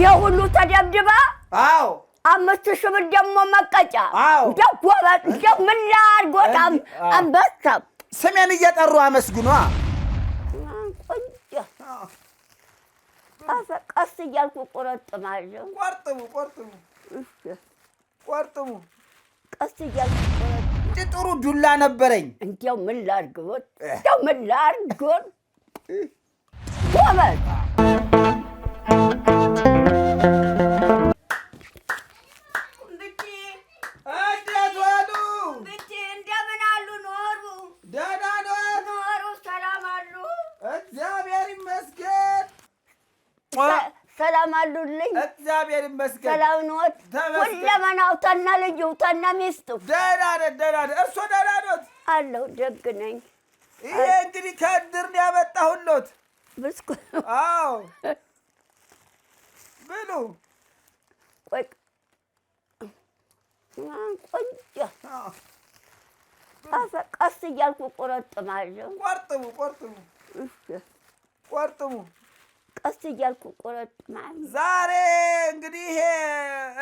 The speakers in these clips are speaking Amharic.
የሁሉ ተደብድባ አዎ አምስት ሺህ ብር ደግሞ መቀጫ እንደው እንደው ምን ላድርጎት አንበሳ ስሜን እየጠሩ አመስግኗ ቀስ እያልኩ ቆረጥማለሁ ቆርጥሙ ቆርጥሙ ቆርጥሙ ቀስ እያልኩ ጥሩ ዱላ ነበረኝ እንደው ምን ላድርጎት እንደው ምን ላድርጎት ጎበዝ ደግ ነኝ። ይሄ እንግዲህ ከእድር ነው ያመጣሁሎት። ብስኩት አዎ፣ ብሉ። ቆይ ቆንጆ ቀስ እያልኩ ቆረጥማለሁ። ቆርጥሙ፣ ቆርጥሙ፣ ቆርጥሙ ቀስ እያልኩ ቆረጥማለሁ። ዛሬ እንግዲህ ይሄ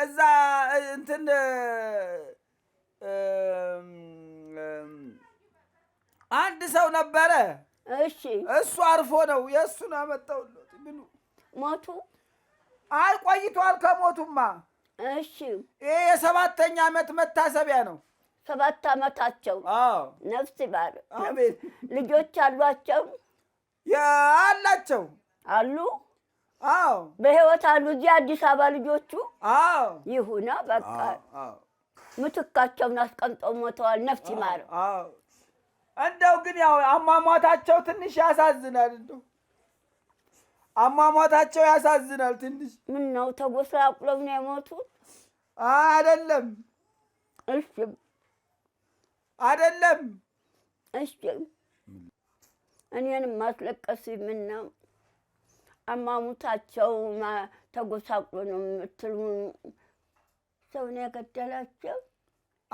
እዛ እንትን ሰው ነበረ። እሺ እሱ አርፎ ነው የእሱን አመጣሁለት። ብሉ። ሞቱ? አይ ቆይቷል ከሞቱማ። እሺ ይሄ የሰባተኛ ዓመት መታሰቢያ ነው። ሰባት ዓመታቸው። ነፍስ ይባል። አሜን። ልጆች አሏቸው? አላቸው። አሉ። አዎ በህይወት አሉ። እዚህ አዲስ አበባ ልጆቹ? አዎ ይሁና። በቃ ምትካቸውን አስቀምጠው ሞተዋል። ነፍስ ይማር። አዎ እንደው ግን ያው አሟሟታቸው ትንሽ ያሳዝናል። እንደው አሟሟታቸው ያሳዝናል ትንሽ። ምን ነው ተጎሳቁለው ነው የሞቱት? አይደለም። እሺ፣ አይደለም። እሺ፣ እኔንም ማስለቀስ ምን ነው አማሙታቸው ተጎሳቁሎ ነው የምትሉ ሰው ነው የገደላቸው?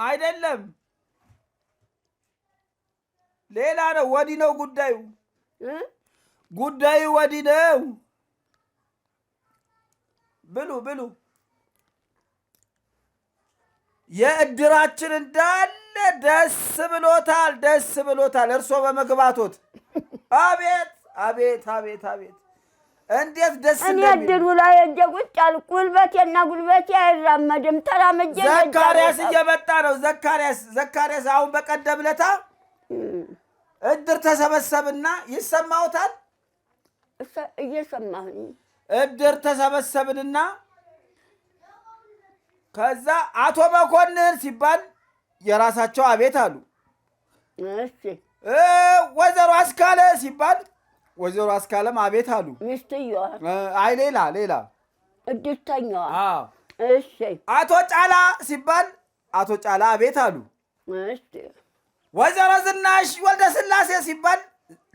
አይደለም ሌላ ነው። ወዲህ ነው ጉዳዩ፣ ጉዳዩ ወዲህ ነው። ብሉ ብሉ። የእድራችን እንዳለ ደስ ብሎታል፣ ደስ ብሎታል። እርሶ በመግባቶት አቤት፣ አቤት፣ አቤት፣ አቤት እንዴት ደስ እኔ እድሩ ላይ እጄ ቁጭ አልኩ። ጉልበቴና ጉልበቴ አይራመድም። ተራመጄ ዘካርያስ እየመጣ ነው። ዘካርያስ ዘካርያስ አሁን በቀደም ለታ እድር ተሰበሰብና ይሰማውታል። እየሰማሁኝ እድር ተሰበሰብንና ከዛ አቶ መኮንን ሲባል የራሳቸው አቤት አሉ። ወይዘሮ አስካለ ሲባል ወይዘሮ አስካለም አቤት አሉ። አይ ሌላ ሌላ እድርተኛዋ። አቶ ጫላ ሲባል አቶ ጫላ አቤት አሉ። ወይዘሮ ዝናሽ ወልደ ስላሴ ሲባል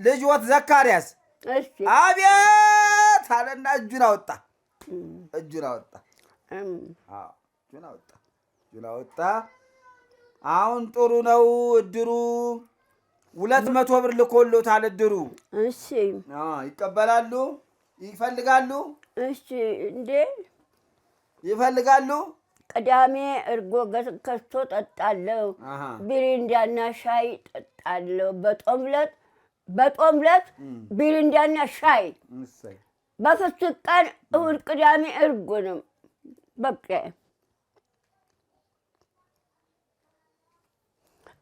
ልጅወት ዘካርያስ አቤት አለና እጁን አወጣ። እጁን አወጣ። እጁን አወጣ። እጁን አወጣ። አሁን ጥሩ ነው እድሩ ሁለት መቶ ብር ልኮሎታል። እድሩ እሺ፣ ይቀበላሉ። ይፈልጋሉ። እሺ፣ እንዴ ይፈልጋሉ ቅዳሜ እርጎ ከስቶ ጠጣለሁ። ቢሪንዳና ሻይ ጠጣለሁ። በጦምለት በጦምለት ቢሪንዳና ሻይ፣ በፍስክ ቀን እሁድ፣ ቅዳሜ እርጎ ነው በቃ።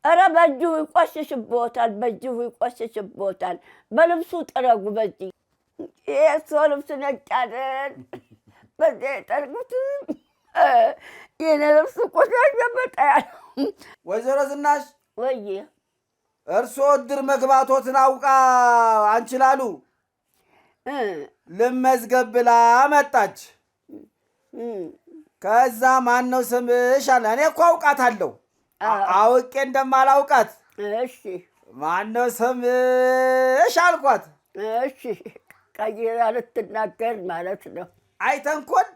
ኧረ በእጅሁ ይቆሽሽቦታል፣ በእጅሁ ይቆሽሽቦታል። በልብሱ ጥረጉ። በዚህ የእሱ ልብስ ነጫለን በዚህ ጠርጉት የኔ ልብስ ቆሻሻ በጣ ያለው ወይዘሮ ዝናሽ ወይ እርስዎ እድር መግባቶትን አውቃ አንችላሉ ልመዝገብ ብላ መጣች። ከዛ ማን ነው ስምሽ አለ። እኔ እኮ አውቃታለሁ አውቄ እንደማላውቃት እሺ ማን ነው ስምሽ አልኳት። እሺ ቀይራ ልትናገር ማለት ነው አይተንኮል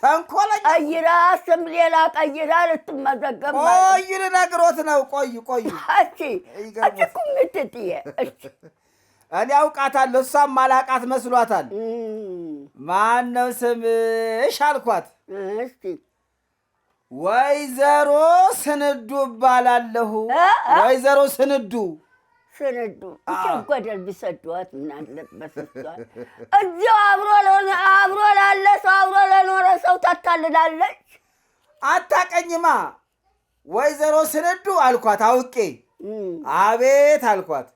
ተንኮለኛ ቀይራ ስም ሌላ ቀይራ ልትመዘገብ ቆይ ልነግሮት ነው። ቆይ ቆይ እቺ እቺ እኮ እኔ አውቃታለሁ። እሷም ማላቃት መስሏታል። ማን ነው ስምሽ አልኳት። ወይዘሮ ስንዱ እባላለሁ። ወይዘሮ ስንዱ ሰነዱ ይቸጎደል ቢሰዷት ምን አለበት? እሷን አብሮ ለሆነ አብሮ ላለ ሰው አብሮ ለኖረ ሰው ታታልላለች። አታቀኝማ ወይዘሮ ስንዱ አልኳት። አውቄ አቤት አልኳት።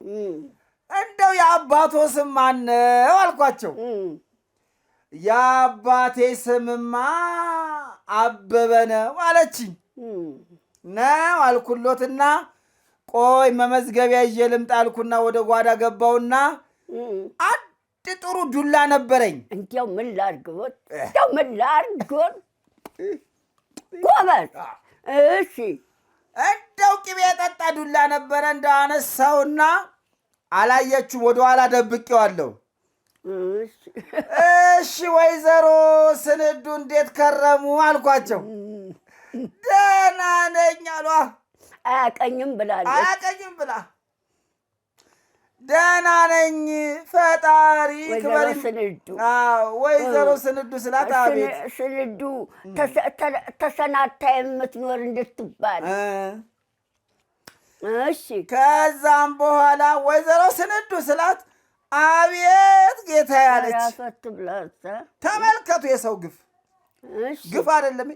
እንደው የአባቶ ስም ማነው አልኳቸው። የአባቴ ስምማ አበበ ነው አለችኝ። ነው አልኩሎትና ቆይ መመዝገቢያ ይዤ ልምጣ አልኩና ወደ ጓዳ ገባውና አንድ ጥሩ ዱላ ነበረኝ። እንዲያው ምን ላርግቦት፣ እንዲያው ምን ላርግቦት። ጎበዝ። እሺ፣ እንደው ቅቤ የጠጣ ዱላ ነበረ። እንደ አነሳውና ወደ ኋላ ደብቄዋለሁ። እሺ ወይዘሮ ስንዱ እንዴት ከረሙ አልኳቸው። ደህና ነኝ አሏ። አያቀኝም ብላለች። አያቀኝም ብላ ደህና ነኝ ፈጣሪ ክበሪ። ስንዱ ወይዘሮ ስንዱ ስላት አቤት ስንዱ ተሰናታ የምትኖር እንድትባል እሺ። ከዛም በኋላ ወይዘሮ ስንዱ ስላት አቤት ጌታ ያለች። ተመልከቱ የሰው ግፍ ግፍ አይደለም።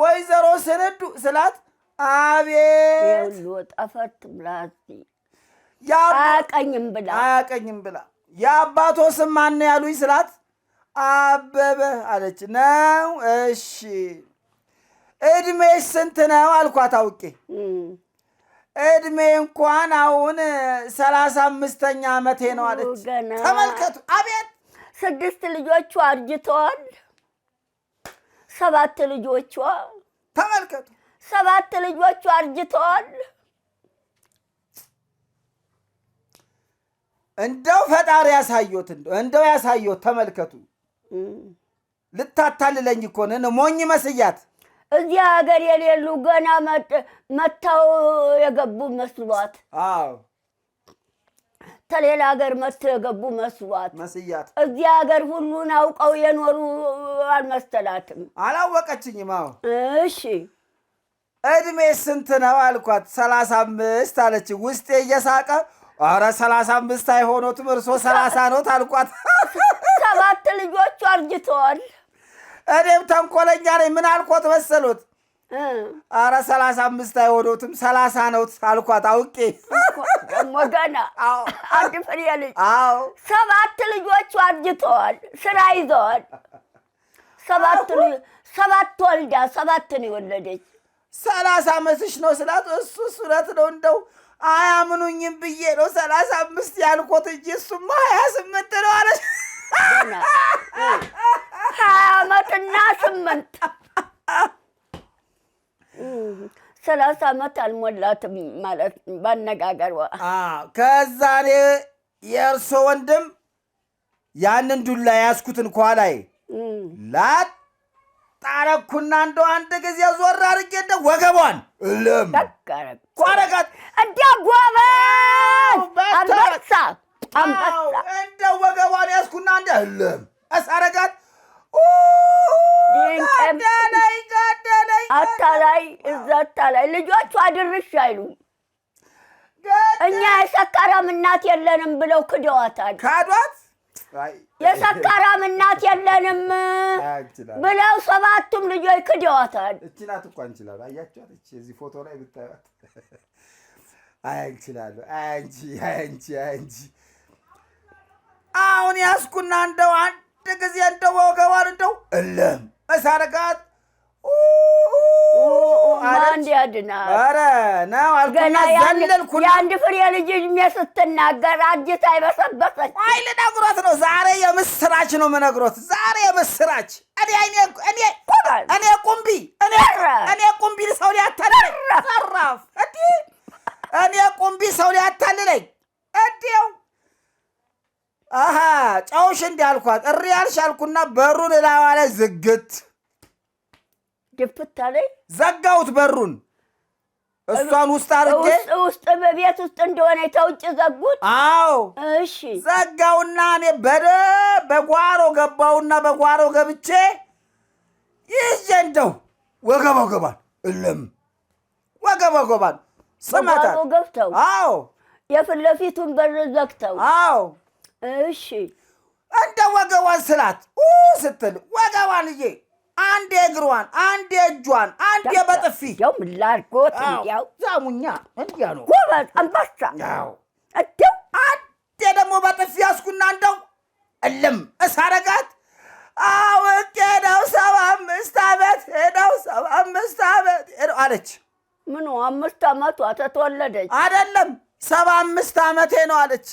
ወይዘሮ ስንዱ ስላት አቤት ብላ አያቀኝም ብላ አያቀኝም ብላ የአባቶ ስም ማነው ያሉኝ ስላት አበበ አለች። ነው እሺ፣ እድሜሽ ስንት ነው አልኳት አውቄ እድሜ እንኳን አሁን ሰላሳ አምስተኛ ዓመቴ ነው አለች። ተመልከቱ! አቤት ስድስት ልጆቹ አርጅተዋል። ሰባት ልጆቿ ተመልከቱ ሰባት ልጆቹ አርጅተዋል። እንደው ፈጣሪ ያሳየት እንደው ያሳየት። ተመልከቱ፣ ልታታልለኝ እኮ ነን ሞኝ መስያት። እዚህ ሀገር የሌሉ ገና መጥተው የገቡ መስሏት። አዎ ተሌላ ሀገር መጥተው የገቡ መስሏት መስያት። እዚህ ሀገር ሁሉን አውቀው የኖሩ አልመሰላትም። አላወቀችኝም። አዎ እሺ እድሜ ስንት ነው አልኳት። ሰላሳ አምስት አለች። ውስጤ እየሳቀ አረ ሰላሳ አምስት አይሆኖትም እርሶ ሰላሳ ኖት አልኳት። ሰባት ልጆቹ አርጅተዋል። እኔም ተንኮለኛ ነኝ ምን አልኮት መሰሉት? አረ ሰላሳ አምስት አይሆኖትም ሰላሳ ኖት አልኳት። አውቄ ደግሞ ገና አንድ ፍሬ ልጅ ሰባት ልጆቹ አርጅተዋል፣ ስራ ይዘዋል። ሰባት ሰባት ወልዳ ሰባትን የወለደች ሰላሳ ዓመትሽ ነው ስላት እሱ እውነት ነው እንደው አያምኑኝም ብዬ ነው ሰላሳ አምስት ያልኮት እንጂ እሱማ ሀያ ስምንት ነው አለች። ሀያ ስምንት ሰላሳ አመት አልሞላትም ማለት ባነጋገር። ከዛ እኔ የእርሶ ወንድም ያንን ዱላ ያዝኩትን ኳላይ ላይ ጣረኩና እንደው አንድ ጊዜ ዞር አድርጌ እንደ ወገቧን እልም ኳረጋት እንዲያ ጎበዝ አንበሳ እንደ ወገቧን ያዝኩና እንደ እልም አሳረጋት አረጋት ገደለኝ አታላይ እዛ አታላይ ልጆቹ አድርሽ አይሉ እኛ የሰከረም እናት የለንም ብለው ክደዋታል። ካዷት የሰካራም እናት የለንም ብለው ሰባቱም ልጆች ክደዋታል። እቺ ናት እኮ እንችላሉ። አያችኋት? እቺ እዚህ ፎቶ ላይ ብታዩት አያ እንችላሉ። አያ እንጂ አያ አሁን ያስኩና እንደው አንድ ጊዜ እንደው ወገቧን እንደው እለም መሳረጋት ዘንድ ያድናል። ኧረ ነው አልኩና ዘለልኩ። የአንድ ፍሬ ልጅ እድሜ ስትናገር አጅታ ይበሰበሰች አይ ልነግሮት ነው ዛሬ የምስራች ነው የምነግሮት ዛሬ የምስራች። እኔ እኔ እኔ እኔ ቁምቢ እኔ ቁምቢ ሰው ሊያታልለኝ ሰራፍ እንዲ እኔ ቁምቢ ሰው ሊያታልለኝ እንዲው አሃ ጨውሽ እንዲህ አልኳት። እሪ ያልሽ አልኩና በሩን እላዋ ዝግት ድፍት አለኝ። ዘጋሁት በሩን እሷን ውስጥ አድርጌ ውስጥ በቤት ውስጥ እንደሆነ ተውጭ ዘጉት። አዎ እሺ። ዘጋውና እኔ በደ በጓሮ ገባውና በጓሮ ገብቼ ይዤ እንደው ወገብ ወገቧን እልም ወገብ ወገቧን ስመታት ገብተው አዎ፣ የፊት ለፊቱን በር ዘግተው አዎ። እሺ እንደ ወገቧን ስላት ኡ ስትል ወገቧን እዬ አንድ የእግሯን አንድ የእጇን አንድ በጥፊ ያው ምን ላድርጎት? እንዲያው ዛሙኛ እንዲያ ነው ጎበዝ አንበሳ። እንደው አንድ ደግሞ በጥፊ ያስኩና እንደው እልም እሳረጋት አውቄ ነው ሰባ አምስት አመት ሄደው ሰባ አምስት አመት ሄደው አለች። ምኑ አምስት ዓመቷ ተተወለደች አይደለም ሰባ አምስት ዓመቴ ነው አለች።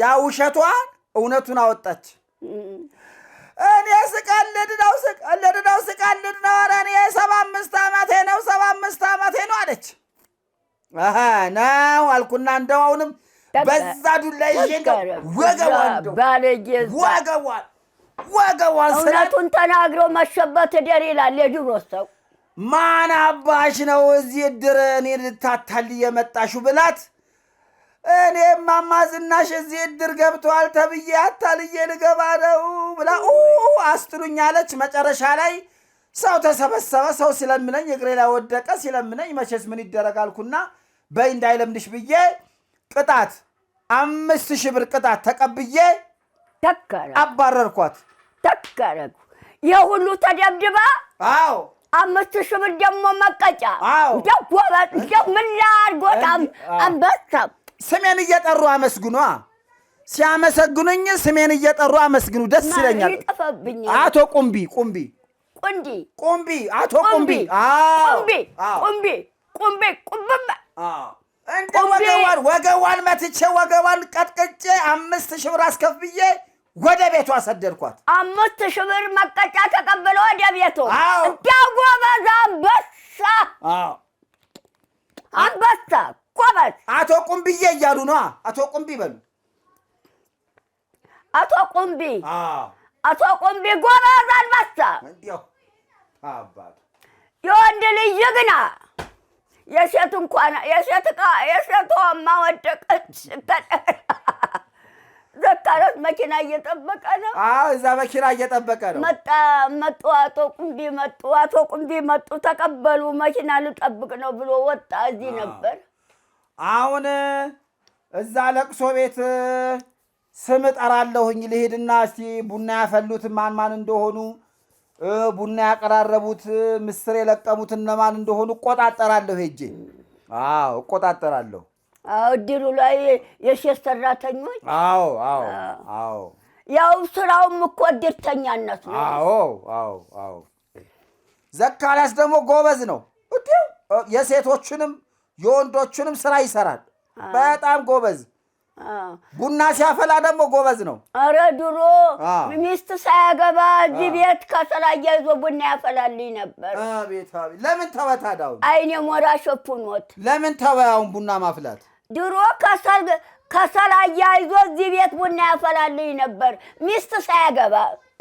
ያ ውሸቷን እውነቱን አወጣች። እኔ ስቅ አለድናው ስቅ አለድናው ስቅ አለድናው ኧረ እኔ ሰባ አምስት ዓመቴ ነው ሰባ አምስት ዓመቴ ነው አለች። ነው አልኩና እንደው አሁንም በዛ ዱላ ይዤ እውነቱን ተናግሮ መሸበት ይላል የድሮ ሰው። ማን አባሽ ነው እዚህ እኔ ልታታል የመጣሽው ብላት እኔ እማማ ዝናሽ እዚህ እድር ገብተዋል ተብዬ አታልዬ ልገባ ነው ብላ አስጥሉኝ አለች። መጨረሻ ላይ ሰው ተሰበሰበ። ሰው ሲለምነኝ እግሬ ላይ ወደቀ። ሲለምነኝ መቼስ ምን ይደረጋልኩና በይ እንዳይለምድሽ ብዬ ቅጣት አምስት ሺህ ብር ቅጣት ተቀብዬ አባረርኳት። ተከረኩ ይህ ሁሉ ተደብድባ አዎ አምስት ሺህ ብር ደግሞ መቀጫ እንደው ደ እንደው ምን ላድርጎት አንበሳም ስሜን እየጠሩ አመስግኑ። ሲያመሰግኑኝ ስሜን እየጠሩ አመስግኑ። ደስ ይለኛል። አቶ ቁምቢ ቁምቢ ቁንዲ ቁምቢ አቶ ቁምቢ ቁምቢ ቁምቢ ቁምቢ ቁምቢ እንደ ወገቧን ወገቧን መትቼ ወገቧን ቀጥቅጬ አምስት ሺህ ብር አስከፍዬ ወደ ቤቷ ሰደድኳት። አምስት ሺህ ብር መቀጫ ተቀብለ ወደ ቤቱ እንዲያ ጎበዝ አንበሳ አንበሳ በል አቶ ቁምቢዬ እያሉ ነው። አቶ ቁምቢ በሉ። አቶ ቁምቢ አቶ ቁምቢ ጎበዝ አንበሳ የወንድ ልጅ ጀግና የሴት እንኳን የሴት እቃ የሴቷ ማወደቀች ዘካሮት መኪና እየጠበቀ ነው። አዎ እዛ መኪና እየጠበቀ ነው። መጣ መጡ። አቶ ቁምቢ መጡ። አቶ ቁምቢ መጡ። ተቀበሉ። መኪና ልጠብቅ ነው ብሎ ወጣ። እዚህ ነበር አሁን እዛ ለቅሶ ቤት ስም እጠራለሁኝ ልሄድና እስቲ ቡና ያፈሉት ማን ማን እንደሆኑ ቡና ያቀራረቡት ምስር የለቀሙት እነማን እንደሆኑ እቆጣጠራለሁ። ሄጄ አዎ እቆጣጠራለሁ። እድሉ ላይ የሴት ሰራተኞች። አዎ አዎ አዎ። ያው ስራውም እኮ እድርተኛነት ነው። አዎ አዎ አዎ። ዘካሪያስ ደግሞ ጎበዝ ነው። እዲሁ የሴቶችንም የወንዶቹንም ስራ ይሰራል። በጣም ጎበዝ ቡና ሲያፈላ ደግሞ ጎበዝ ነው። አረ ድሮ ሚስት ሳያገባ እዚህ ቤት ከስራ እያይዞ ቡና ያፈላልኝ ነበር። ለምን ተበታዳው አይኔ ሞራ ሸፑኖት ለምን ተበያውን ቡና ማፍላት ድሮ ከሰል አያይዞ እዚህ ቤት ቡና ያፈላልኝ ነበር ሚስት ሳያገባ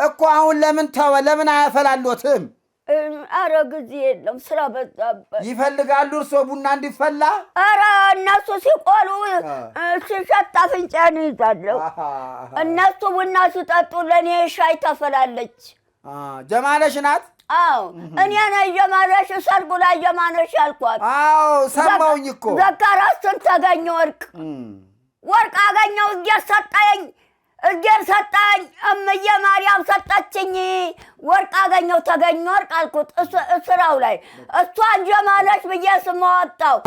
እኮ። አሁን ለምን ተወ? ለምን አያፈላሎትም? አረ ጊዜ የለም፣ ስራ በዛበት። ይፈልጋሉ እርሶ ቡና እንዲፈላ? አረ እነሱ ሲቆሉ ሲሸጥ አፍንጫን ይዛለሁ። እነሱ ቡና ሲጠጡ ለእኔ ሻይ ተፈላለች። ጀማለሽ ናት? አዎ እኔ ነኝ ጀማለሽ። ሰርጉ ላይ ጀማነሽ ያልኳት። አዎ ሰማውኝ እኮ ዘካራስን ተገኘ ወርቅ ወርቅ አገኘው እየሰጠኝ እጄን ሰጣኝ። እምዬ ማርያም ሰጠችኝ። ወርቅ አገኘው ተገኘ ወርቅ አልኩት ስራው ላይ እሷን ጀማለች ብዬ ስም አወጣው።